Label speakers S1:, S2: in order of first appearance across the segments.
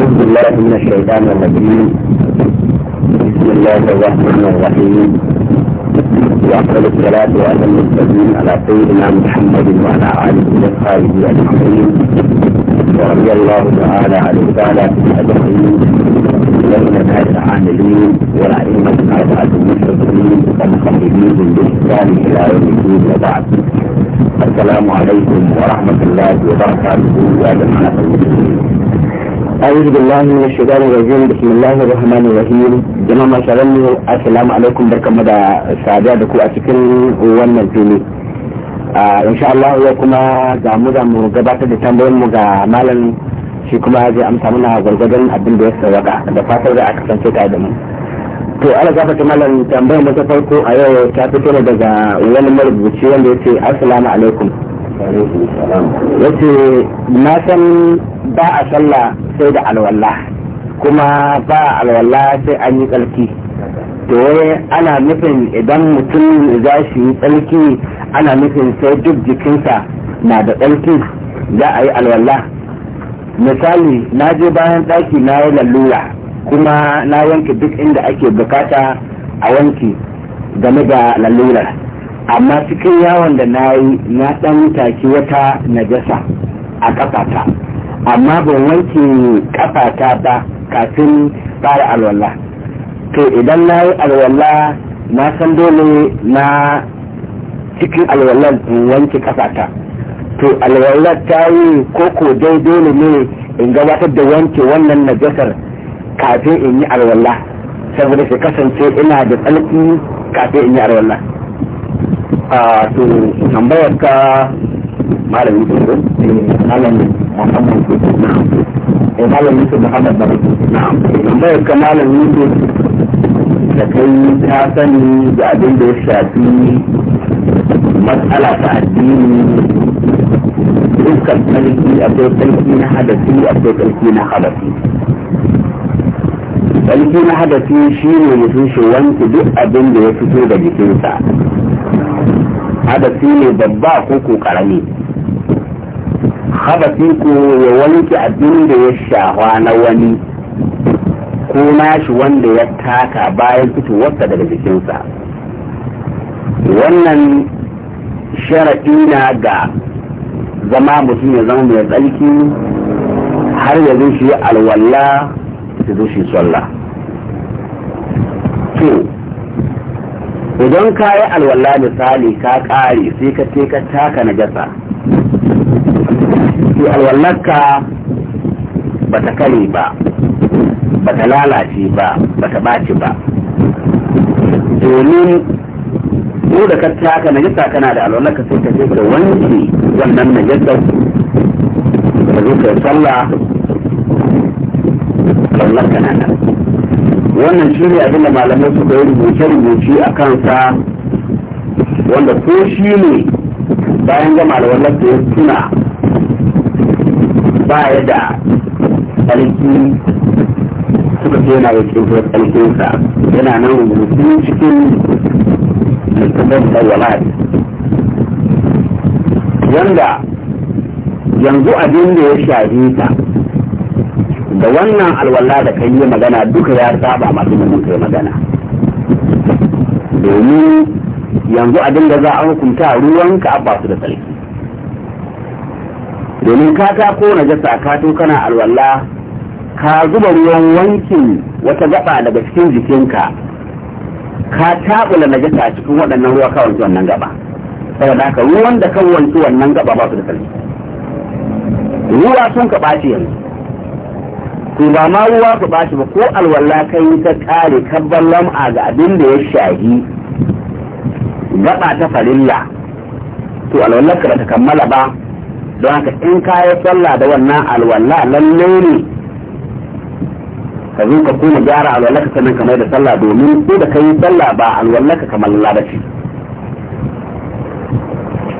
S1: أعوذ بالله من الشيطان الرجيم بسم الله الرحمن الرحيم وأفضل الصلاة وأتم التسليم على سيدنا محمد وعلى آله وأصحابه أجمعين ورضي الله تعالى عن السادة أجمعين الناس العاملين والأئمة الأربعة المشركين والمخلدين بالإحسان إلى يوم الدين وبعد السلام عليكم ورحمة الله وبركاته يا جماعة المسلمين أعوذ بالله من الشيطان الرجيم بسم الله الرحمن الرحيم جماعة ما شغلني السلام عليكم بركم مدى سعادة دكو أتكن وانا الفيلي إن شاء الله يكما زامو زامو قبات دي تنبين مغا مالا shi kuma zai amsa mana gwargwadon abin da ya sauwaka da fatar da aka san ta da to ala zafa ta malam ta farko a yau ta fito daga wani marubuci wanda ya ce assalamu alaikum yace na san ba a sallah sai da alwala kuma ba alwala sai an yi tsarki to ana nufin idan mutum za shi yi tsarki ana nufin sai duk jikinsa na da tsarki za a yi alwala misali na je bayan ɗaki na yi lalura kuma na yanke duk inda ake bukata a wanki game da lalura. amma cikin yawon da na yi na ɗan take wata najasa a ƙafata amma ban wanke ƙafata ba kafin fara alwala to idan na yi alwala na san dole na cikin alwalar in wanke ƙafata to alwalar ta yi koko dai dole ne in gabatar da wanke wannan najasar kafin in yi alwala saboda su kasance ina da tsalki kafin in yi alwala a ah, to tambayar ka malamin kudu eh? malamin muhammad kudu na'am eh malamin kudu muhammad bari na. Eh, tambayar ka malami kudu da kai ta sani da abin da ya shafi matsala ta addini dukkan a kai tsarki na a kai tsarki na hadafi tsarki na hadafi shi ne mutum shi wanke duk abin da ya fito da jikinsa hadasi ne babba ko ko karami hadasi ko ya wanke abin da ya shafa na wani ko nashi wanda ya taka bayan fitowarsa daga jikinsa wannan sharaɗi na ga zama mutum ya zama mai tsarki har ya zo shi alwala ya zo shi sallah to idan ka yi alwala misali ka ƙare sai ka ce ka taka na jasa to alwallarka ba ta kare ba ba ta lalace ba ba ta ɓaci ba domin ko da ka taka na jasa kana da alwallarka sai ka ce ka wanke wannan na jasa ka zo ka sallah alwallarka na nan wannan shi ne abinda malamai suka yi rubuce-rubuce a kansa wanda ko shi ne bayan gama da ya tuna ba ya da tsarki suka ce yana da cikin tsarkinsa yana nan rubutu cikin littattafan tsawalat wanda yanzu abin da ya shafe ta da wannan alwala da kan yi magana duka ya saba masu mutum kai magana domin yanzu a dinga za a hukunta ruwanka ba su da tsarki domin ka ta ko na jasa ka to kana alwala ka zuba ruwan wankin wata gaba daga cikin jikinka ka tabula na jasa cikin waɗannan ruwa ka wanki wannan gaba saboda haka ruwan da kan wanki wannan gaba ba su da tsarki ruwa sun ka ɓaci yanzu to ba ma ruwa ba bashi ba ko alwala kai yi ta kare kabban lam'a ga abin da ya shahi gaba ta farilla to alwala ka bata kammala ba don haka in ka yi sallah da wannan alwala lalle ne ka zo ka kuma gyara alwala ka sannan kamar da sallah domin ko da ka yi sallah ba alwala ka kammala ba ce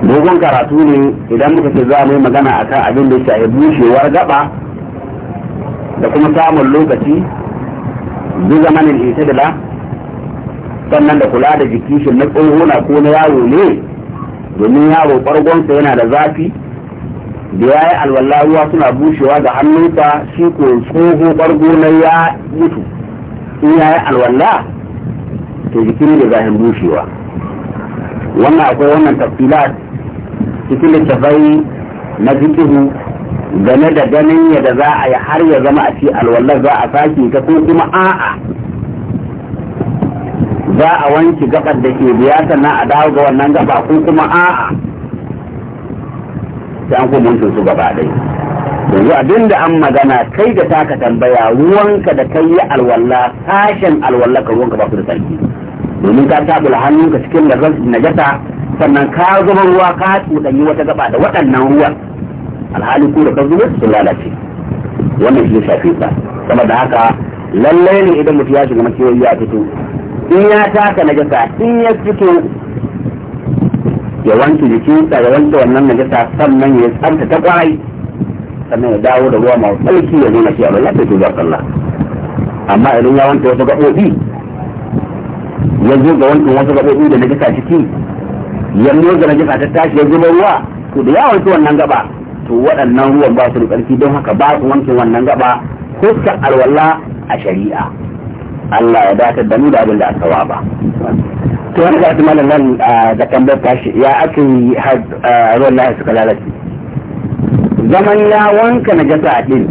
S1: dogon karatu ne idan muka ce za mu yi magana akan abin da ya shahi bushewar gaba da kuma samun lokaci zu zamanin itidala sannan da kula da jiki shi na tsohona ko na yaro ne domin yaro ɓargonsa yana da zafi da ya yi alwallah ruwa suna bushewa da hannunsa shi ko tsoho ya mutu in ya yi alwalla to jiki ne da zahin bushewa wannan akwai wannan tafsilat cikin littafai na jikin game da ganin ya da za a yi har ya zama a ce alwallar za a sake ta ko kuma a'a za a wanki gabar da ke biya sannan a dawo ga wannan gaba ko kuma a'a sai an kuma mutum su gaba ɗaya yanzu abin da an magana kai da taka tambaya ruwanka da kai yi alwallah sashen alwallah ka ruwanka ba su da sarki domin ka tabula hannunka cikin najasa sannan ka zama ruwa ka tsudanyi wata gaba da waɗannan ruwan alhali ku da kan zuwa sun lalace wannan shi shafe ka da haka lallai ne idan mutum ya shiga makiyoyi ya fito in ya taka na gasa in ya fito ya wanke jikinsa ya wanke wannan na gasa sannan ya tsanta ta kwai sannan ya dawo da ruwa mai tsarki ya nuna shi a bai lafiya tuba sallah amma idan ya wanke wasu gaɓoɓi ya zo ga wankin wasu gaɓoɓi da na najasa ciki ya nuna najasa ta tashi ya zuba ruwa to da ya wanke wannan gaba to waɗannan ruwan ba su da ƙarfi don haka ba su wanke wannan gaba fuskar alwala a shari'a Allah ya dace da mu da abin da aka wa ba to wani ga malam nan da tambayar tashi ya aka yi ruwan lahi suka lalace zaman ya wanka na jasa a ɗin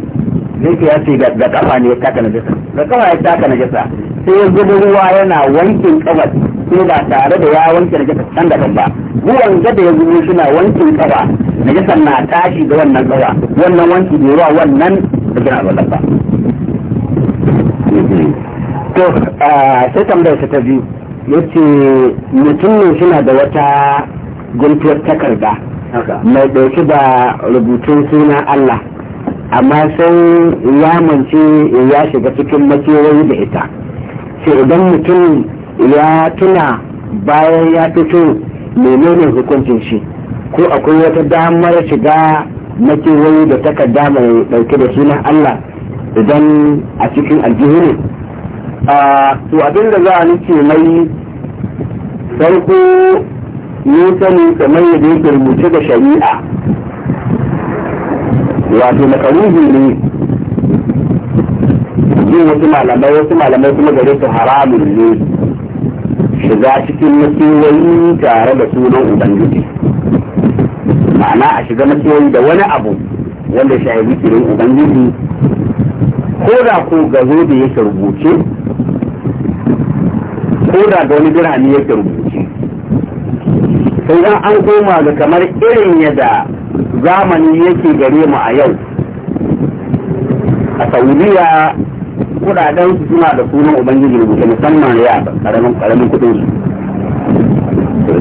S1: zai ya ce ga kafa ne ya taka na jasa ga kafa ya taka na jasa sai ya zubo ruwa yana wankin kafar sai ba tare da ya wanke na jasa can da ba ruwan gada ya zubo suna wankin kafa najasan na tashi da wannan kaza wannan wanki da wannan da kina da lafa to sai tambayar ta biyu mutumin suna da wata gumfiyar takarda mai ɗauki da rubutun suna Allah amma sai ya mance ya shiga cikin makewayi da ita sai idan mutum ya tuna bayan ya fito menene hukuncin shi ko akwai wata damar shiga na kewaye da takarda mai dauke da sunan Allah idan a cikin aljihu ne to abin da za a nufi mai farko ne sani kamar yadda yake rubuce da shari'a wato makaruhi ne yin wasu malamai wasu malamai kuma gare su haramun ne shiga cikin makiwayi tare da sunan ubangiji ma'ana a shiga matsayi da wani abu wanda ya shahi zikirin ubangiji ko da ko zo da yake rubuce ko da ga wani birane yake rubuce sai dan an koma ga kamar irin yadda zamani yake gare mu a yau a saudiya kudaden suna da sunan ubangiji rubuce musamman ya karamin karamin kudin su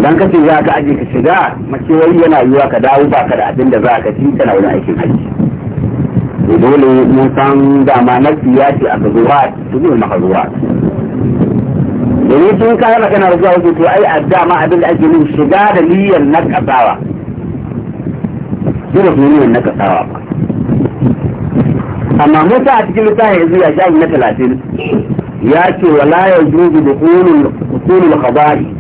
S1: idan ka ce za ka aje ka shiga wai yana yiwa ka dawo ba ka da abin da za ka ci kana wani aikin hajji dole mun san dama nafi ya ce a zuwa tudu na zuwa domin sun kayan magana zuwa wajen to ai a dama abin da ake nun shiga da niyyar na kasawa dole su niyyar na kasawa ba amma mota a cikin littafin yanzu ya sha na talatin ya ce wala ya juzu da kunun kunun khabari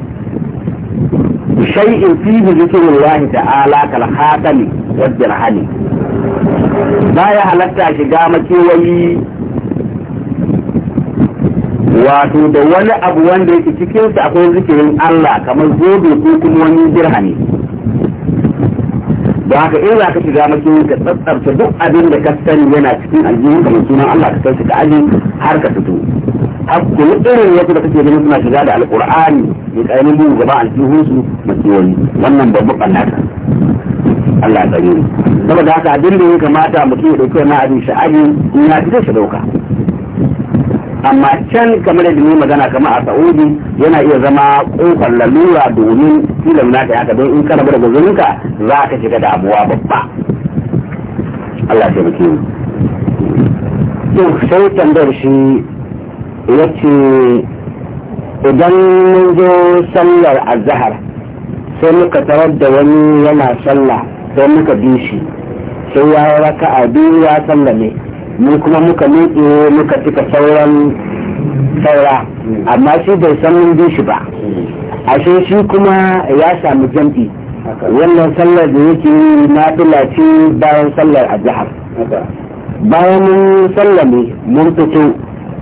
S1: شيء فيه ذكر ta'ala تعالى كالخاتم والدرهم لا baya halatta shiga wato da wani abu wanda yake cikin sa akwai zikirin Allah kamar zobe ko kuma wani dirhami da haka in za ka shiga makin ka tsatsarta duk abin da ka sani yana cikin aljihun kamar sunan Allah ka kai shi ka aji har ka fito hakku irin yadda da kake ganin suna shiga da alqur'ani ne kayan bugu gaba aljihun su mace wani wannan babu ballaka Allah ya tsare saboda haka abin da ya kamata mutum ya dauki wannan abin sha'ani in ya ji shi dauka amma can kamar da ni magana kamar a Saudi yana iya zama kofar lalura domin filan naka haka don in kana bar guzurinka za ka shiga da abuwa babba Allah ya taimake mu to sai tambayar shi ya ce idan mun zo sallar azahar sai muka tarar da wani yana sallah sai muka bi shi sai ya raka a biyu ya sallame mu kuma muka miƙe muka cika sauran saura amma shi bai san mun bi shi ba ashe shi kuma ya samu jam'i wannan sallar da yake na fila ce bayan sallar azahar bayan mun sallame mun fito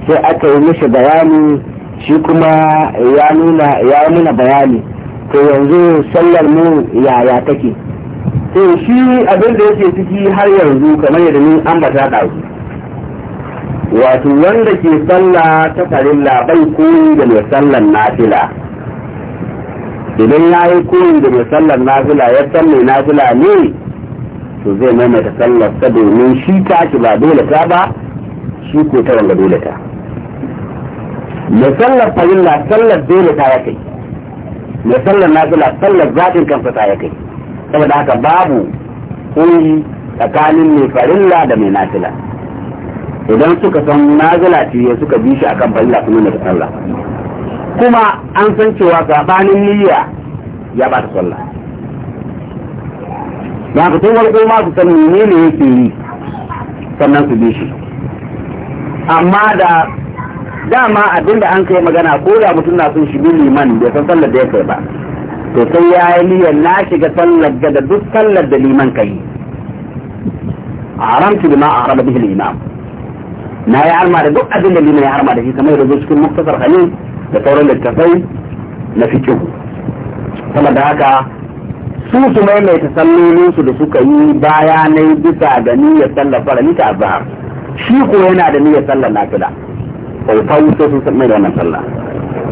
S1: sai aka yi mishi bayani shi kuma ya nuna ya nuna bayani to yanzu sallar mu yaya take to shi abin da yake ciki har yanzu kamar yadda ni ambata ɗazu wato wanda ke sallah ta farilla bai koyi da mai sallar nafila idan ya yi koyi da mai sallar nafila ya san mai nafila ne to zai maimaita sallar sa domin shi ta ba dole ta ba shi ko ta wanga dole ta mai sallar farilla sallar dole ta ya kai mai sallar nafila sallar zaɓin kansa ta ya kai saboda haka babu koyi tsakanin mai farilla da mai nafila idan suka san nazila ce suka bi shi akan farilla kuma da sallah kuma an san cewa sabanin niyya ya ba ta sallah ba ku tun wani ma su san menene yake yi sannan su bi shi amma da dama abinda an kai magana ko da mutum na son shigi liman bai san sallar da ya kai ba to sai ya yi niyyar na shiga sallar da duk sallar da liman kai haramtu ma araba bihi al-imam na ya harma da duk abinda da liman ya harma da shi kamar da cikin muktasar hali, da sauran littattafai na fikihu kuma da haka su su maimaita su da suka yi baya na bisa da niyyar sallar ni ta azhar shi ko yana da niyyar sallar nafila faufau sai sun san mai da wannan sallah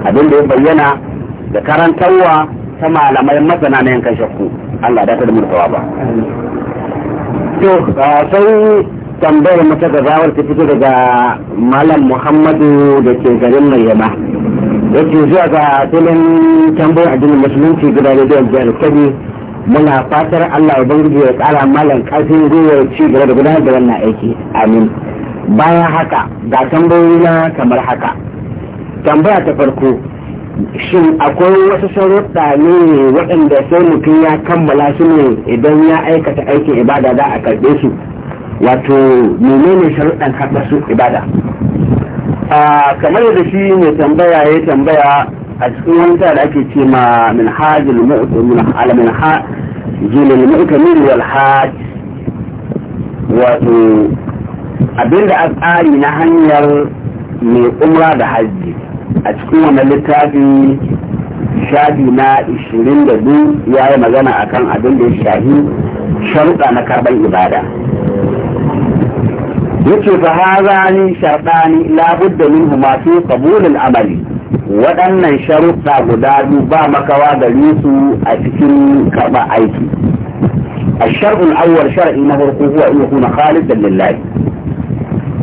S1: abin da ya bayyana da karantarwa ta malamai masana na yankan shakku Allah da ta da murtawa ba to sai tambayar mata ga zawar ta fito daga malam Muhammadu da ke garin mai yama yake zuwa ga filin tambayar addinin musulunci guda da jihar Kebbi muna fatar Allah ya bangiji ya kara malam kafin gwiwar ci gaba da gudanar da wannan aiki amin bayan haka ga tambayoyi na kamar haka tambaya ta farko shin akwai wasu sharuɗa ne waɗanda sai mutum ya kammala su ne idan ya aikata aikin ibada za a karɓe su wato menene sharuɗan karɓa su ibada kamar yadda shi mai tambaya ya tambaya a cikin wani da ake ce ma min hajjil mu'tamin hajjil mu'tamin wal hajj wato abinda a tsari na hanyar mai umra da hajji a cikin wani littafi shafi na 22 ya yi magana akan abin da ya shahi sharuɗa na karɓar ibada ce fa hazani shartani la ne minhu da fi masu amali waɗannan sharuɗa guda biyu ba makawa gare su a cikin karɓa aiki الشرط الأول farko, نهر هو kuna Khalid da lillahi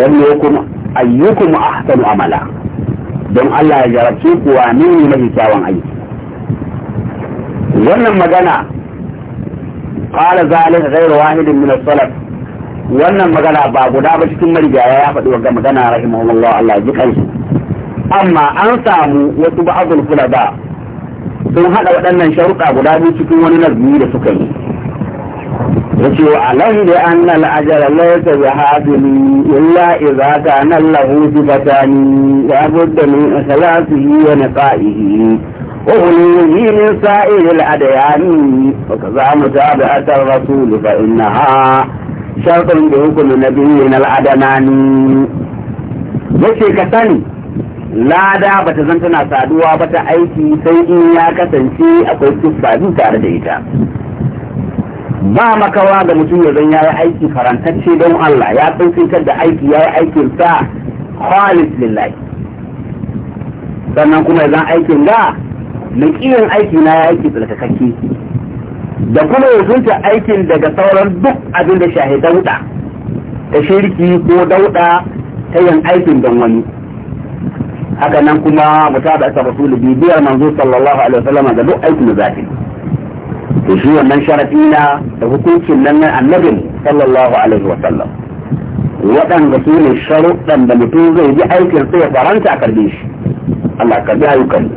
S1: yabluwakum ayyukum ahsanu amala don Allah ya jarabce ku wane ne mafi kyawun aiki wannan magana qala zalika ghayru wahidin min as-salaf wannan magana ba guda ba cikin marigaya ya faɗi wa magana rahimahullah Allah ji kansu amma an samu wasu ba'adul ba sun haɗa waɗannan sharuɗa guda biyu cikin wani nazmi da suka yi yace wa alam bi anna al ajra laysa bi hadili illa idza kana lahu sifatani Ya budda min salatihi wa naqaihi وغلوه من سائر الأديان وكذا متابعة الرسول فإنها شرط بحكم نبينا العدناني yace ka sani lada bata zan tana saduwa bata aiki sai in ya kasance akwai tuffa tare da ita ba makawa da mutum ya zan yi aiki farantacce don Allah ya tsintsinkar da aiki yi aikin sa khalis lillahi sannan kuma ya zan aikin da na kiyon aiki na ya aiki tsarkakakke da kuma ya zunta aikin daga sauran duk abin da shahi dauda ta shirki ko dauda ta yin aikin don wani haka nan kuma mutaba ta rasulu bibiyar manzo sallallahu alaihi wasallam da duk aikin da zafi to shi wannan sharafi na da hukuncin nan na annabin sallallahu alaihi wa sallam waɗanda su ne sharuɗan da mutum zai ji aikin sai ya faranta a karbe shi Allah karbi ayyukan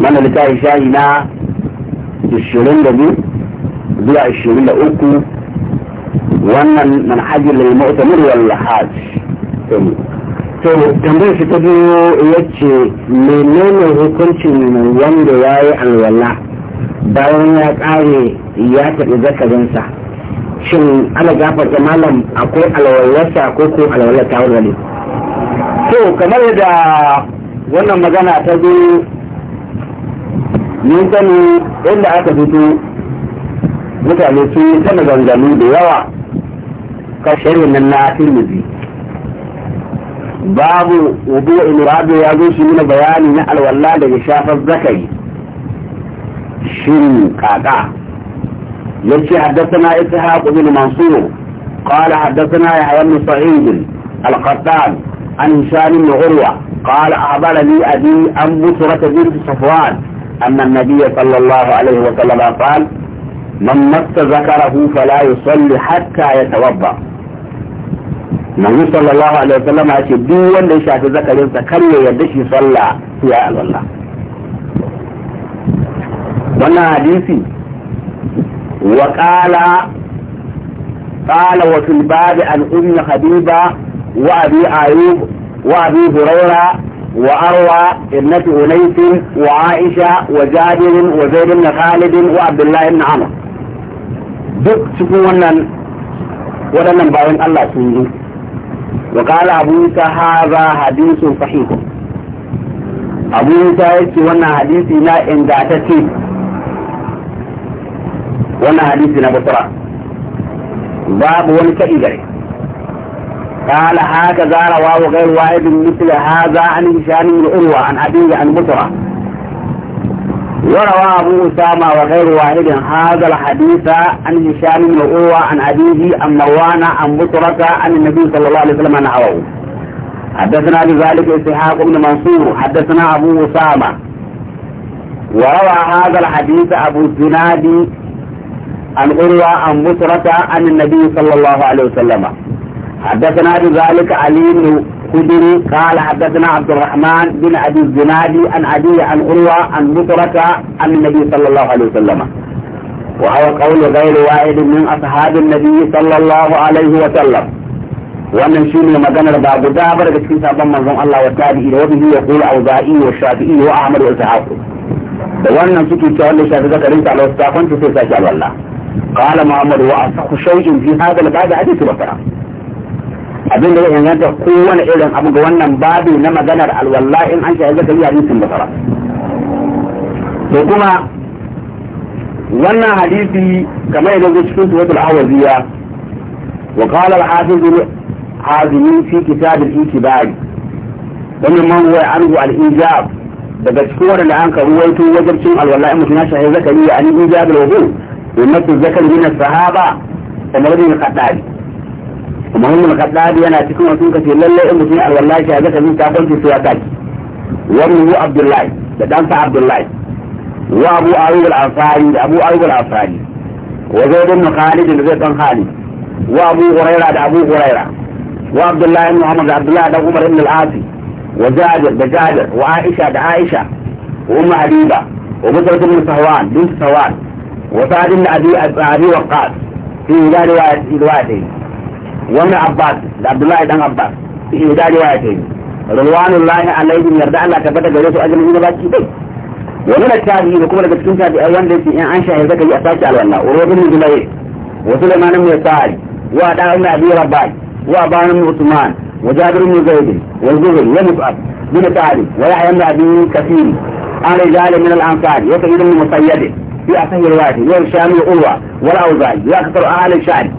S1: mana da littafi shayi na 22 zuwa 23 wannan manhajin lil mu'tamir wal hajj to tambayar shi ta biyo yace menene hukuncin wanda yayi alwala bayan ya ƙare ya taɓi zakarinsa shin ana gafarta malam akwai alwalarsa ko ko alwalar ta wurare to kamar da wannan magana ta zo mun sani inda aka fito mutane sun yi ta zanzanu da yawa ka shirin nan na filmizi babu wudu in ya zo shi mana bayani na alwala daga shafar zakari شن كاكا يرشي حدثنا إسحاق بن منصور قال حدثنا يحيى بن سعيد القطان عن هشام بن عروة قال أخبرني أبي أن بصرة بنت صفوان أن النبي صلى الله عليه وسلم قال من مس ذكره فلا يصلي حتى يتوضأ النبي صلى الله عليه وسلم أشد duk wanda ya ذكر zakarin sa kar ya yarda wannan hadisi wa qala qala wa fil bab habiba wa abi ayub wa abi hurayra وأروى ابنة أنيس وعائشة وجابر وزيد بن خالد وعبد الله بن عمر duk cikin wannan waɗannan bayan Allah sun yi wa kala abu ta haza hadisun sahih abu ta yake wannan hadisi na ingantacce wannan hadisi na busra babu wani kaɗi gare قال هكذا رواه غير واحد مثل هذا عن هشام بن عروة عن أبيه عن بصرة وروى أبو أسامة وغير واحد هذا الحديث عن هشام بن عروة عن أبيه عن مروان عن بصرة عن النبي صلى الله عليه وسلم نحوه حدثنا بذلك إسحاق بن منصور حدثنا أبو أسامة وروى هذا الحديث أبو الزنادي عن عروة عن بصرة عن النبي صلى الله عليه وسلم حدثنا بذلك علي بن خدري قال حدثنا عبد الرحمن بن أبي الزنادي عن أبي عن عروة عن بصرة عن النبي صلى الله عليه وسلم وهو قول غير واحد من أصحاب النبي صلى الله عليه وسلم ومن shi ne maganar ba guda ba منظم الله sabon وبه يقول أوزائي والشافعي da wani ya kula auza'i wa shafi'i wa ahmad wa ishaq da قال محمد واصح شيء في هذا الباب حديث بكرة abin da ya inganta kowane irin abu ga wannan babu na maganar alwallah in an shahada kai hadisin bakara to kuma wannan hadisi kamar yadda zai cikin suratul awaziya wa qala al-hafiz al-azimi fi kitab al-itibari wannan man huwa anhu al-ijab daga cikin wanda an karuwaito wajen cin alwallah in mutum ya shahada kai an ijab al-wudu ومثل ذكر من الصحابة عمر بن الخطاب عمر بن الخطاب أنا تكون أسمك في الليلة أم سنة والله شهدك من تأخذ في سواتك وابنه عبد الله لدانس عبد الله وابو أيوب الأنصاري أبو أيوب الأنصاري وزيد بن خالد بن زيد بن خالد وابو هريرة أبو هريرة وعبد الله بن محمد عبد الله بن عمر بن العاصي وزاجر بجاجر وعائشة عائشة وأم حبيبة وبصرة بن صهوان بنت صهوان وسعد بن أبي أبي وقاص في إلى روايتين وابن عباس لعبد الله بن عباس في إلى روايتين رضوان الله عليهم يرضى الله تبارك اجل من باكي كيفي ومن التابعين وكما لقد كنت في أيام ليس إن أنشأ يذكر يأتاك على الله وروض بن جبير وسليمان بن يسار وأداء بن أبي رباي وأبان بن عثمان وجابر بن زيد والزهري ومصعب بن سعد ويحيى بن أبي كثير عن رجال من الأنصار وسيد بن مسيده في أحسن يوم شامي وأروى والأوزاي وأكثر أهل الشعر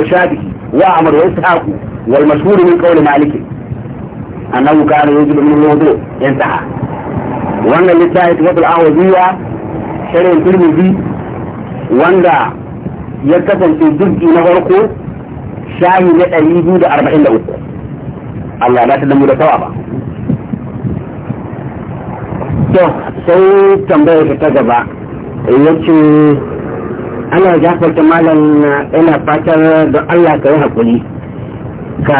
S1: وشابه وأعمر وإسحاق والمشهور من قول مالك أنه كان يجب من الوضوء ينتهى وأن للسائل تفضل أعوذية شرع الترمذي وأن يكتب في جزء نغرقه shayi na ɗari أربعين da الله لا uku Allah na tallamu da sawa ba ya ana jafarta malam ina fatar da Allah ka yi hakuri ka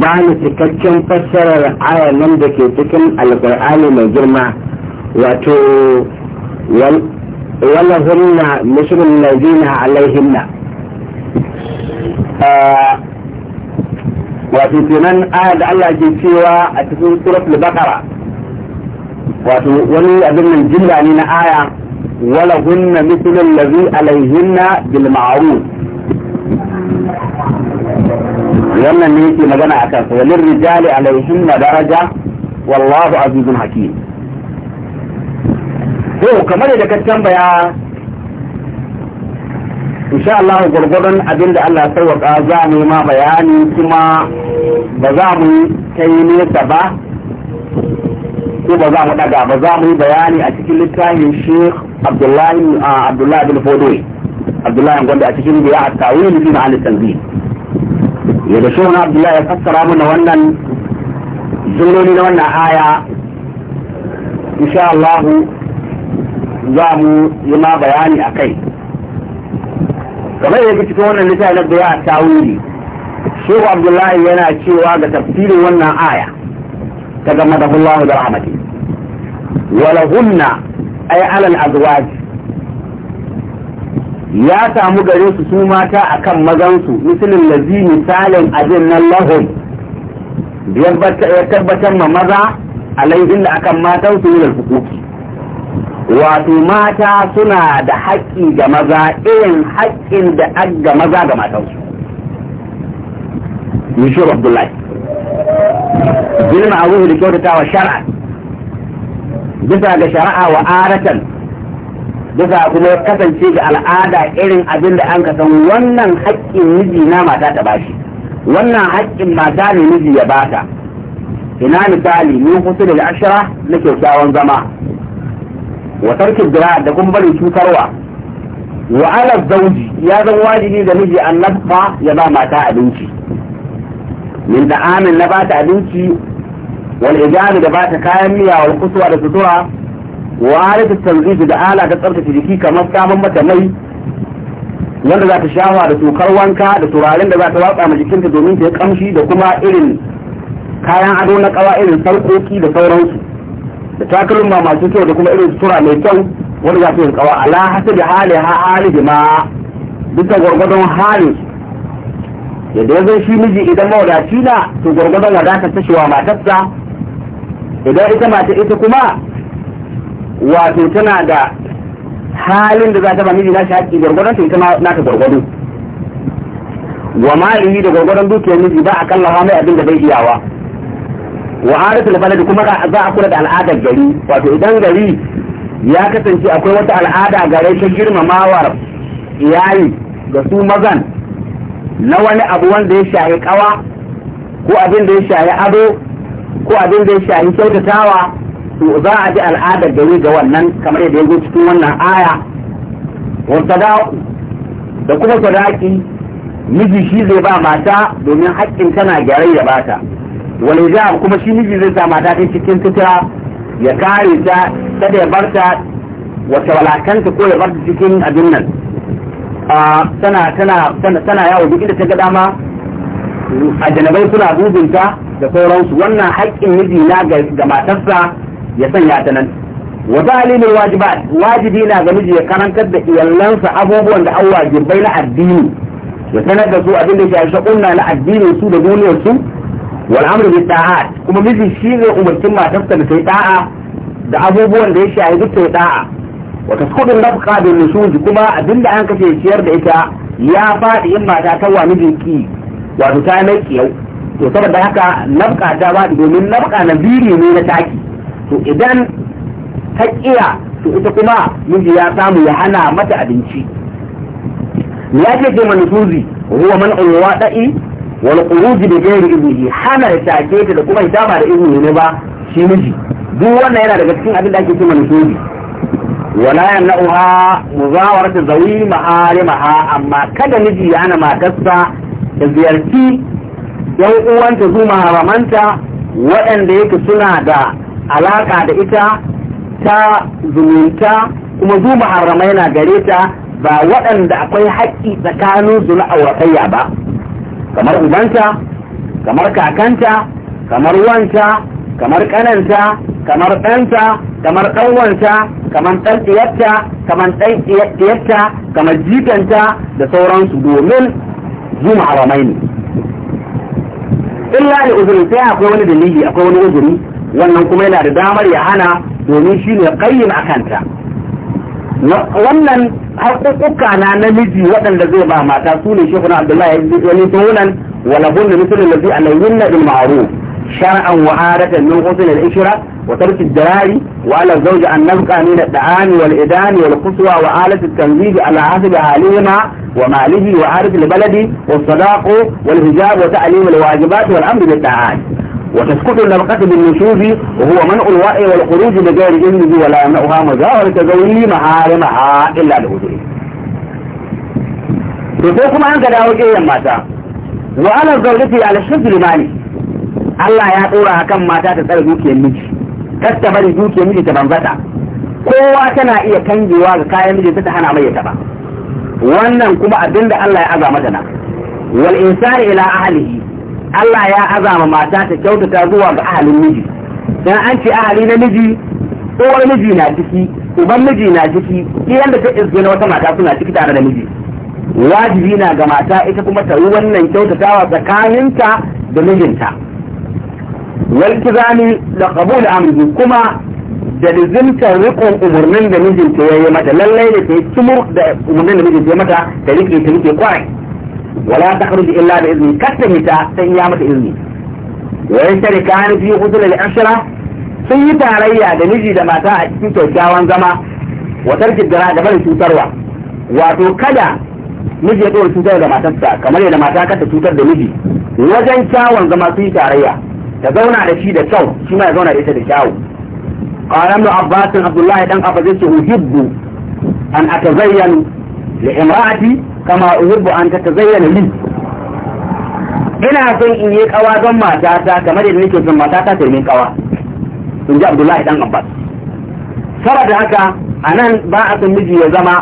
S1: ba ni cikakken fassarar aya nan da ke cikin alƙur'ani mai girma wato wala hunna musulun lazina alaihinna ah, wato kenan aya da Allah ke cewa a cikin suratul baqara wato wani abin nan jimla ne na aya wala hunna mithlu allazi alaihinna bil ma'ruf wannan ne yake magana akan sa walil rijali alaihinna daraja wallahu azizun hakim to kamar da ka tambaya insha Allah gurgurdan abinda Allah sauwaka za mu yi ma bayani kuma ba za mu kai nesa ba ko ba za mu daga ba za mu yi bayani a cikin littafin Sheikh Abdullahi Abdullahi bin Fodoi Abdullahi gwanda a cikin biya a tawili fi ma'al tanzil ya da shehu Abdullahi ya fassara mana wannan jumloli na wannan aya insha Allah za mu yi ma bayani a kai kamar yadda cikin wannan littafin na biya a tawili Shehu Abdullahi yana cewa ga tafsirin wannan aya ta da تجمده الله برحمته ولهن أي على الأزواج ya samu gare su su mata akan mazan su misalin lazi misalin ajin nan lahun ya tabbatar ma maza alaihin da akan matan su yi hukuki wato mata suna da haƙƙi ga maza irin haƙƙin da aga maza ga matansu Yusuf Abdullahi bil ma'ruf da wa shar'a bisa ga shari'a wa adatan bisa kuma kasance ga al'ada irin abin da an ka san wannan haƙƙin miji na mata ta bashi wannan haƙƙin mata ne miji ya bata ina misali ni kusa da ashara na kyakkyawan zama wa tarkin da kuma bari cutarwa wa ala zauji ya zama wajibi ga miji annabba ya ba mata abinci min amin na bata abinci wal ijami da bata kayan miya wal kusuwa da sutura wa alatu tanzifu da ala ta tsaftace jiki kamar samun mata mai wanda za ta shawa da tokar wanka da turaren da za ta watsa ma jikinta domin ta yi kamshi da kuma irin kayan ado na kawa irin sarkoki da sauransu da takalma masu kyau da kuma irin sutura mai kyau wanda za ta yi kawa ala hasa da hali ha hali ma bisa gwargwadon halinsu. yadda zai shi miji idan mawadaci na to gwargwadon za ta wa matarsa idan ita mata ita kuma wato tana da halin da za ta ba miji na shi haƙƙi gwargwadon ta ita na ta gwargwado wa malihi da gwargwadon dukiyar miji ba a kallawa mai abin da bai iyawa wa adatul balad kuma za a kula da al'adar gari wato idan gari ya kasance akwai wata al'ada gare ta girmamawar iyali ga su mazan na wani abu wanda ya shahi kawa ko abin da ya shahi ado ko abin da ya shahi kyautatawa to za a ji al'adar gari ga wannan kamar yadda ya zo cikin wannan aya wata da kuma sadaki miji shi zai ba mata domin haƙƙin tana gyarai ya bata wani za kuma shi miji zai sa mata ta cikin tuta ya kare ta kada ya barta wata walakanta ko ya barta cikin abin nan tana tana yawo duk inda ta ga dama a janabai suna dubinta da sauransu wannan haƙƙin miji na ga matarsa ya sanya ta nan wata alimin wajibi na ga miji ya karantar da iyalansa abubuwan da an wajibai na addini ya sanar da su abin da ya shafi na addinin su da duniyar su wal amru bi ta'at kuma miji shi ne umarcin matarsa da ta yi da abubuwan da ya shafi ta yi da'a wata kudin nafka da nusuji kuma abinda an kace ciyar da ita ya faɗi in mata ta wa mijinki wato ta mai yau to saboda haka nafka ta faɗi domin nafka na biri ne na taki to idan ta kiya to ita kuma miji ya samu ya hana mata abinci ya ce ma nusuji ruwa man ulwa da'i wal quruji da gairi ibnihi hana da take ta da kuma ita ba da ibni ne ba shi miji duk wannan yana daga cikin abin da ake ce nusuji wala yamna'uha muzawaratu zawi maharimaha amma kada miji ya hana matarsa da ziyarci yan uwanta su maharamanta waɗanda yake suna da alaƙa da ita ta zumunta kuma zu maharamai na gare ta ba waɗanda akwai haƙƙi tsakaninsu su na auratayya ba kamar ubanta kamar kakanta kamar wanta kamar kananta kamar ɗanta kamar ɗanwanta kamar ɗan ɗiyarta kamar kamar jikanta da sauransu domin su haramai ne illa da uzuri sai akwai wani dalili akwai wani uzuri wannan kuma yana da damar ya hana domin shi ne ƙayyin a kanta wannan haƙuƙuka na namiji waɗanda zai ba mata su ne shekuna abdullahi ya yi tunan walahun da misalin lafi alayyin na bil ma'ruf shar'an min husn al-ishra وترك الدراري وعلى الزوج أن نبقى من الدعان والإدان والقسوة وآلة التنزيل على حسب أهلهما وماله وعارف البلد والصداق والحجاب وتعليم الواجبات والأمر بالتعاني وتسكت النبقة بالنشوف وهو منع الوعي والخروج بغير إذنه ولا يمنعها مجاورة تزولي محارمها إلا بأذنه فوقكم أنك داوك إيه ماتا وعلى الزوجة على الشمس المالي الله يا طورا كم ماتا mata ta kasta bari miji ta banzata kowa tana iya kangewa ga kayan mijinta ta hana mai ya taba wannan kuma abinda Allah ya azama da wal insani ila ahlihi Allah ya azama mata ta kyautata zuwa ga ahalin miji dan an ce ahali na miji uwar miji na ciki uban miji na ciki iyan da ta izgina wata mata suna ciki tare da miji wajibi na ga mata ita kuma ta yi wannan kyautatawa tsakaninta da mijinta waltizami da qabul amri kuma da lizimtar rikon umarnin da mijinta ya yi mata lallai da ta yi da umarnin da mijinta ya mata da rike ta rike kwarai wala ta kharuji illa da izini kasta mita sai ya mata izini wani sharika kayan fi hudula da ashira sun yi tarayya da miji da mata a cikin kyakkyawan zama wa tarkin da barin cutarwa wato kada miji ya ɗora cutar da matarsa kamar yadda mata kata cutar da miji wajen kyawun zama sun yi tarayya ta zauna da shi da kyau shi ma ya zauna da ita da kyau qala ibn abbas abdullah dan zai su hubbu an atazayyan li imraati kama uhibbu an tatazayyana li ina son in yi kawa don matata kamar yadda nake son matata ta yi kawa in ji abdullahi dan abbas saboda haka a nan ba a san miji ya zama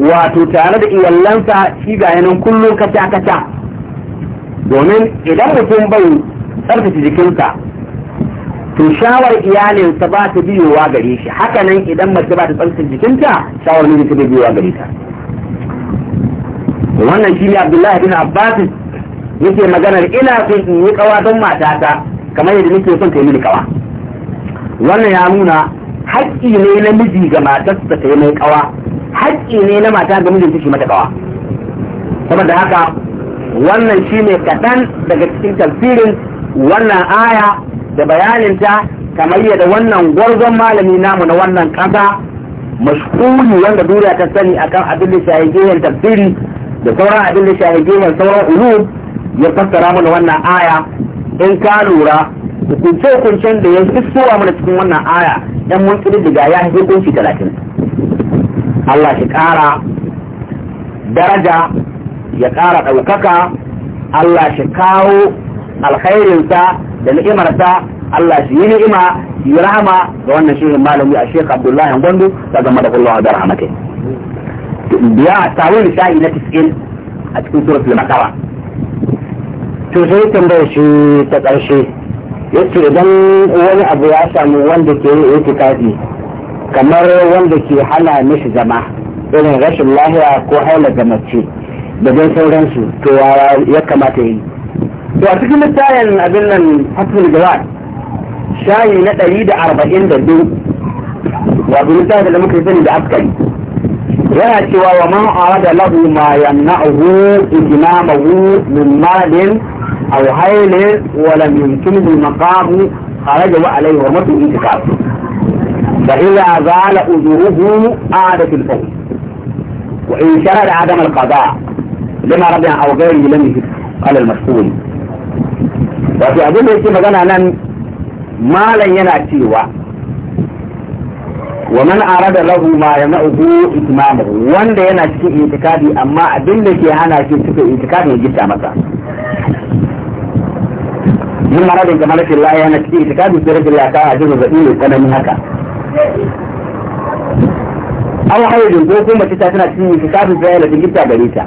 S1: wato tare da iyalansa shi ga yanan kullum kaca kaca domin idan mutum bai tsarkace jikinta, to shawar ta ba ta biyowa gare shi hakanan idan mace ba ta tsarkace jikinta shawar mijinta bai biyowa gare ta wannan shi ne abdullahi bin abbas yake maganar ina son in yi kawa don matata kamar yadda nake son ta yi mini kawa wannan ya nuna haƙƙi ne na miji ga matarsa ta yi mai kawa haƙƙi ne na mata ga mijinta shi mata kawa saboda haka wannan shi ne kaɗan daga cikin tafsirin wannan aya da bayaninta kamar yadda wannan gwarzon malami namu na wannan ƙasa mashkuli wanda duniya ta sani akan abin da shahigiyar tafsiri da sauran abin da shahigiyar sauran ulu ya fassara mana wannan aya in ka lura hukunce-hukuncen da ya fitowa mana cikin wannan aya dan mun daga ya haifi hukunci talatin Allah shi ƙara daraja ya ƙara ɗaukaka Allah shi kawo alkhairinsa da ni'imarsa Allah shi yi ni'ima shi rahama ga wannan shirin malami a Sheikh Abdullahi Gondo ta zama da kullawa da rahmatai biya tawil sha'i na 90 a cikin suratul makara to sai tambayar shi ta ƙarshe yace idan wani abu ya samu wanda ke yin kafi kamar wanda ke hana mishi zama irin rashin lahiya ko haila ga mace da dai sauransu to ya kamata yi وأرتكب الشاي أن أبنى حفظ الجواد شاي نتريد أربعين دردو وأبنى الشاي لما كنتني بأبكي وأنا وما أراد له ما يمنعه إتمامه من مال أو حيل ولم يمكنه المقام خرج عليه ورمته الانتقال فإذا زال أجره عادة الفوز وإن شرد عدم القضاء لما ربنا أو غيره لم يجد قال المسؤول wato abin da yake magana nan malam yana cewa wa man arada lahu ma yamna'uhu itmamu wanda yana cikin itikadi amma abin da ke hana shi cikin itikadi ya gita masa min maradin kamar rashin Allah yana cikin itikadi sai rashin lafiya a jin zazzabi ne tsananin haka an hayyajin ko kuma mace ta tana cikin itikadi sai ya gita gare ta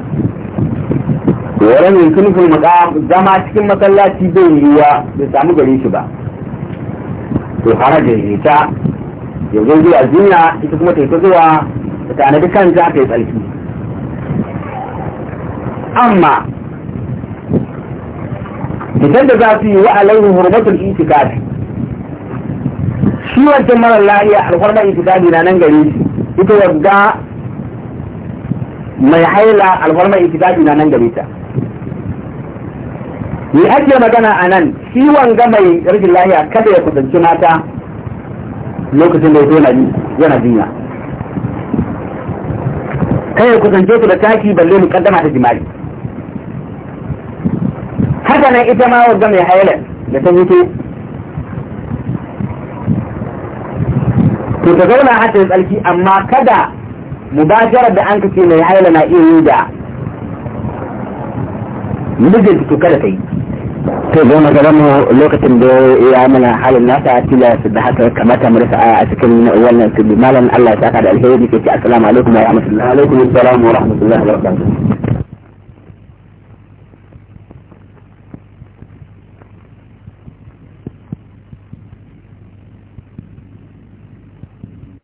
S1: wala min sunfin muqam zama cikin masallaci bai yiwuwa bai samu gare shi ba to da ne ta yanzu zuwa jinya ita kuma ta zuwa ta tanadi kanta ta yi tsarki amma idan da za su yi wa alaihi hurmatul itikafi shi wancan marar lahiya alhurmar itikafi na nan gare shi ita yadda mai haila alhurmar itikafi na nan gare ta ni ake magana a nan ciwon ga mai rikin lahiya kada ya kusanci mata lokacin da ya zo yana jinya kada ya kusance su da taki balle mu kaddama ta jima'i haka nan ita ma wanda mai hayalar da ta mutu to ta zauna a ta tsarki amma kada mubajarar da an kace mai haila na iya yi da mijinta to kada ta yi تجونا كلامه لوقت اللي حال الناس أتلا في البحر كمتى مرفع آه، أتكلم أولا في مالا الله تعالى الهيد في السلام عليكم ورحمة الله عليكم السلام ورحمة الله وبركاته